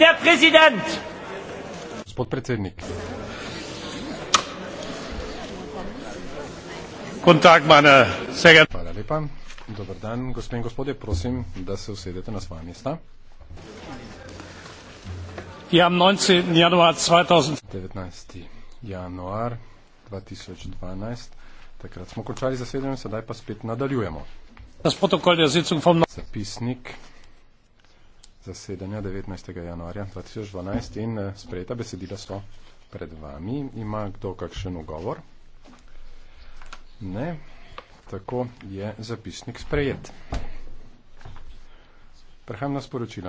Herr Präsident! Gospod predsednik. Kontakt, meine sehr geehrten. Hvala lepa. Dobar dan, gospe in gospodje, prosim, da se usedete na svoje mesta. Ja, 19. januar 2019. Januar 2012. Takrat smo končali zasedanje, sedaj pa spet nadaljujemo. Das Protokoll der Sitzung vom Zapisnik zasedanja 19. januarja 2012 in eh, sprejeta besedila so pred vami. Ima kdo kakšen ugovor? Ne. Tako je zapisnik sprejet. Prehajam na sporočila.